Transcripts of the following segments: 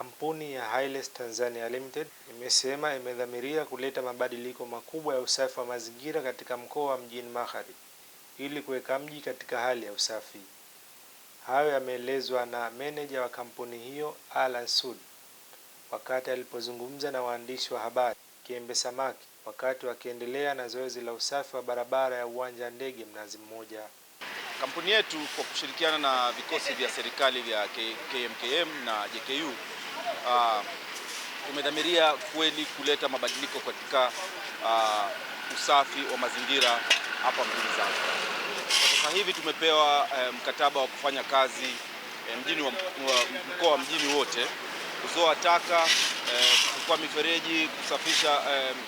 Kampuni ya Highlands Tanzania Limited imesema imedhamiria kuleta mabadiliko makubwa ya usafi wa mazingira katika mkoa wa Mjini Magharibi ili kuweka mji katika hali ya usafi. Hayo yameelezwa na meneja wa kampuni hiyo Alan Sud wakati alipozungumza na waandishi wa habari Kiembe Samaki wakati wakiendelea na zoezi la usafi wa barabara ya uwanja wa ndege Mnazi Mmoja. Kampuni yetu kwa kushirikiana na vikosi vya serikali vya KMKM na JKU uh, umedhamiria kweli kuleta mabadiliko katika uh, usafi wa mazingira hapa mjini Zanzibar. Sasa hivi tumepewa uh, mkataba wa kufanya kazi uh, mjini wa, mkoa mjini wote kuzoa taka uh, kufukua mifereji, kusafisha uh,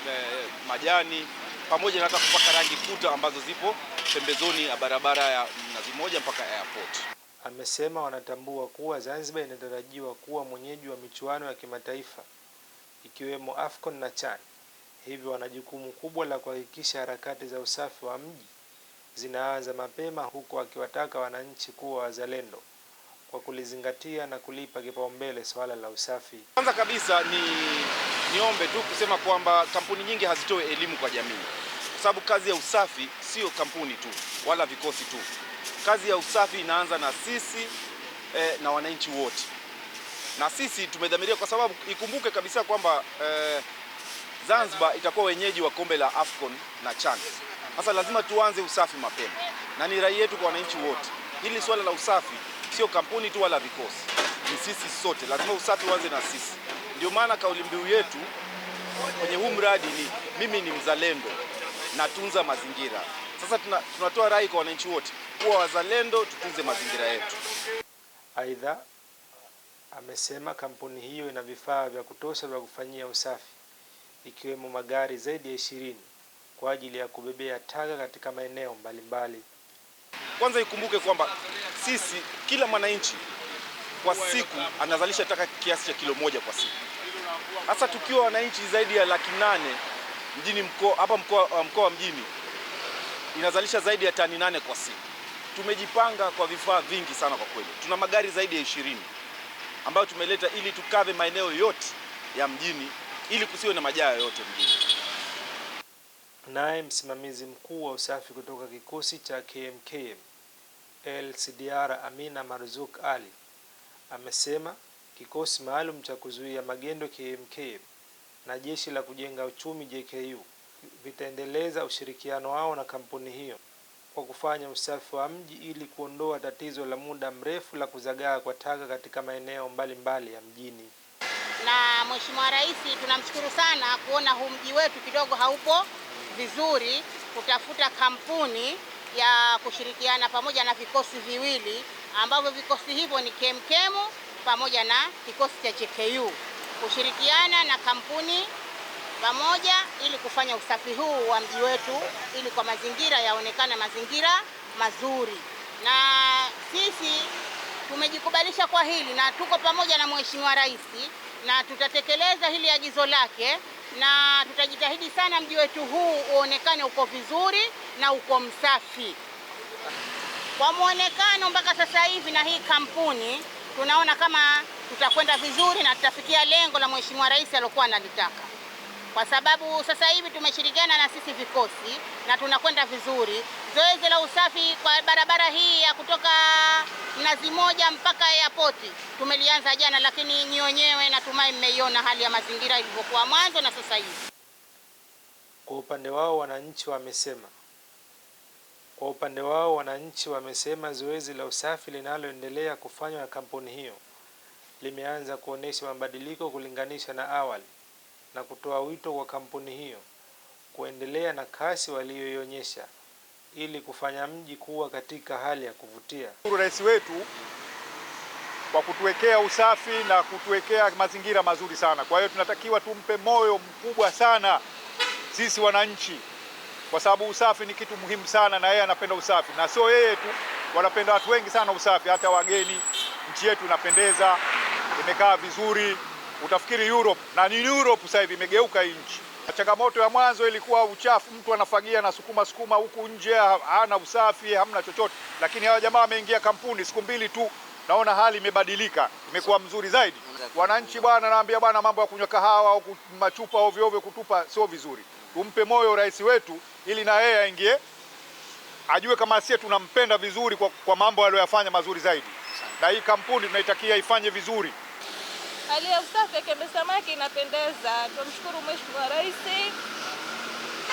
uh, majani pamoja na hata kupaka rangi kuta ambazo zipo pembezoni ya barabara ya Mnazi Mmoja mpaka airport amesema wanatambua kuwa Zanzibar inatarajiwa kuwa mwenyeji wa michuano ya kimataifa ikiwemo AFCON na CHAN, hivyo wana jukumu kubwa la kuhakikisha harakati za usafi wa mji zinaanza mapema, huku akiwataka wananchi kuwa wazalendo kwa kulizingatia na kulipa kipaumbele swala la usafi. Kwanza kabisa ni niombe tu kusema kwamba kampuni nyingi hazitoe elimu kwa jamii, kwa sababu kazi ya usafi sio kampuni tu wala vikosi tu Kazi ya usafi inaanza na sisi eh, na wananchi wote, na sisi tumedhamiria, kwa sababu ikumbuke kabisa kwamba eh, Zanzibar itakuwa wenyeji wa kombe la Afcon na CHAN. Sasa lazima tuanze usafi mapema, na ni rai yetu kwa wananchi wote, hili swala la usafi sio kampuni tu wala vikosi, ni sisi sote. Lazima usafi uanze na sisi. Ndio maana kauli mbiu yetu kwenye huu mradi ni mimi ni mzalendo, natunza mazingira. Sasa tunatoa rai kwa wananchi wote kuwa wazalendo, tutunze mazingira yetu. Aidha, amesema kampuni hiyo ina vifaa vya kutosha vya kufanyia usafi ikiwemo magari zaidi ya ishirini kwa ajili ya kubebea taka katika maeneo mbalimbali. Kwanza ikumbuke kwamba sisi kila mwananchi kwa siku anazalisha taka kiasi cha kilo moja kwa siku. Sasa tukiwa wananchi zaidi ya laki nane mjini mkoa hapa mkoa mkoa mjini inazalisha zaidi ya tani nane kwa siku. Tumejipanga kwa vifaa vingi sana kwa kweli, tuna magari zaidi ya ishirini ambayo tumeleta ili tukave maeneo yote ya mjini ili kusiwe na majaa yoyote mjini. Naye msimamizi mkuu wa usafi kutoka kikosi cha KMKM LCDR Amina Marzuk Ali amesema kikosi maalum cha kuzuia magendo KMKM na jeshi la kujenga uchumi JKU vitaendeleza ushirikiano wao na kampuni hiyo kwa kufanya usafi wa mji ili kuondoa tatizo la muda mrefu la kuzagaa kwa taka katika maeneo mbalimbali mbali ya mjini. Na Mheshimiwa Rais, tunamshukuru sana kuona huu mji wetu kidogo haupo vizuri, kutafuta kampuni ya kushirikiana pamoja na vikosi viwili ambavyo vikosi hivyo ni kemkemu pamoja na kikosi cha jku kushirikiana na kampuni pamoja ili kufanya usafi huu wa mji wetu ili kwa mazingira yaonekane mazingira mazuri, na sisi tumejikubalisha kwa hili na tuko pamoja na Mheshimiwa Rais na tutatekeleza hili agizo lake na tutajitahidi sana mji wetu huu uonekane uko vizuri na uko msafi kwa mwonekano mpaka sasa hivi, na hii kampuni tunaona kama tutakwenda vizuri na tutafikia lengo la Mheshimiwa Rais aliokuwa analitaka kwa sababu sasa hivi tumeshirikiana na sisi vikosi na tunakwenda vizuri. Zoezi la usafi kwa barabara hii ya kutoka Mnazi Moja mpaka airpoti tumelianza jana, lakini nyi wenyewe natumai mmeiona hali ya mazingira ilivyokuwa mwanzo na sasa hivi. Kwa upande wao wananchi wamesema kwa upande wao wananchi wamesema zoezi la usafi linaloendelea kufanywa na kampuni hiyo limeanza kuonesha mabadiliko kulinganisha na awali na kutoa wito kwa kampuni hiyo kuendelea na kasi waliyoionyesha ili kufanya mji kuwa katika hali ya kuvutia. Rais wetu kwa kutuwekea usafi na kutuwekea mazingira mazuri sana. Kwa hiyo tunatakiwa tumpe moyo mkubwa sana sisi wananchi, kwa sababu usafi ni kitu muhimu sana, na yeye anapenda usafi, na sio yeye tu, wanapenda watu wengi sana usafi, hata wageni. Nchi yetu inapendeza, imekaa vizuri utafikiri Europe na ni Europe sasa hivi imegeuka nchi. Changamoto ya mwanzo ilikuwa uchafu, mtu anafagia na sukuma sukuma huku nje, hana usafi, hamna chochote, lakini hawa jamaa wameingia kampuni siku mbili tu, naona hali imebadilika, imekuwa mzuri zaidi. Wananchi bwana, naambia bwana, mambo ya kunywa kahawa au machupa ovyo ovyo kutupa sio vizuri. Tumpe moyo rais wetu, ili na yeye aingie, ajue kama sisi tunampenda vizuri kwa, kwa mambo aliyoyafanya mazuri zaidi, na hii kampuni tunaitakia ifanye vizuri hali ya ya Akembe Samaki inapendeza. Tumshukuru Mheshimiwa Rais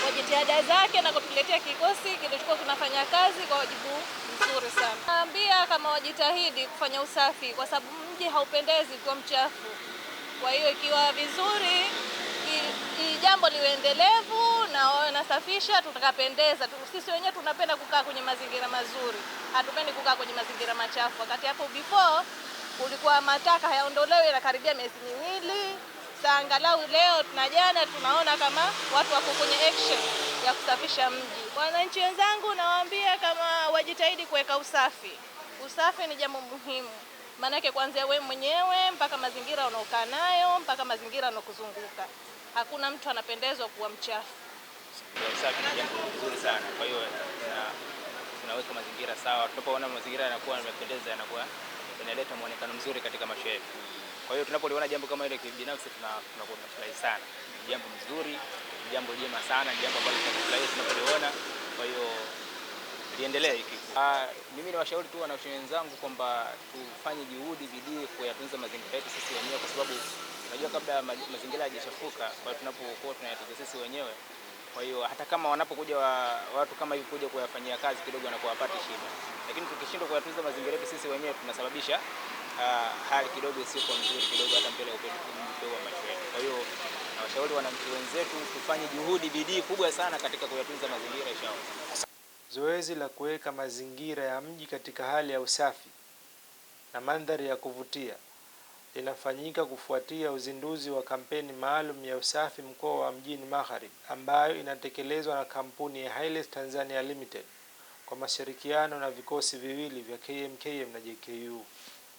kwa jitihada zake na kutuletea kikosi kilichokuwa kinafanya kazi kwa wajibu mzuri sana. Naambia kama wajitahidi kufanya usafi, kwa sababu mji haupendezi kwa mchafu. Kwa hiyo ikiwa vizuri, jambo liwe endelevu na wanasafisha, tutakapendeza. Sisi wenyewe tunapenda kukaa kwenye mazingira mazuri, hatupendi kukaa kwenye mazingira machafu. Wakati hapo before kulikuwa mataka hayaondolewe, yanakaribia miezi miwili sasa. Angalau leo na jana tunaona kama watu wako kwenye action ya kusafisha mji. Wananchi wenzangu, nawaambia kama wajitahidi kuweka usafi. Usafi ni jambo muhimu, maanake kuanzia wewe mwenyewe mpaka mazingira unaokaa nayo mpaka mazingira unaokuzunguka. Hakuna mtu anapendezwa kuwa mchafu. Usafi ni jambo nzuri sana, kwa hiyo tunaweka mazingira sawa, tunapoona mazingira yanakuwa yanapendeza, yanakuwa inaleta muonekano mzuri katika macho yetu. Kwa hiyo tunapoliona jambo kama hilo kibinafsi, tunakuwa tunafurahi sana. Ni jambo mzuri, ni jambo jema sana, ni jambo ambalo tunafurahi tunapoliona. Kwa hiyo liendelee hiki. Ah, mimi ni washauri tu wanasheria wenzangu kwamba tufanye juhudi, bidii kuyatunza mazingira yetu sisi wenyewe, kwa sababu unajua kabla mazingira hayajachafuka, kwa tunapokuwa tunayatunza sisi wenyewe kwa hiyo hata kama wanapokuja wa, watu kama hivi kuja kuyafanyia kazi kidogo wanakuwa wapate shida, lakini tukishindwa kuyatunza mazingira yetu sisi wenyewe tunasababisha uh, hali kidogo isiyo nzuri kidogo hata mbele ya upeo wa macho yetu. Kwa hiyo nawashauri wananchi wenzetu tufanye juhudi, bidii kubwa sana katika kuyatunza mazingira yao. Zoezi la kuweka mazingira ya mji katika hali ya usafi na mandhari ya kuvutia linafanyika kufuatia uzinduzi wa kampeni maalum ya usafi mkoa wa Mjini Magharibi ambayo inatekelezwa na kampuni ya Highlands Tanzania Limited kwa mashirikiano na vikosi viwili vya KMKM na JKU.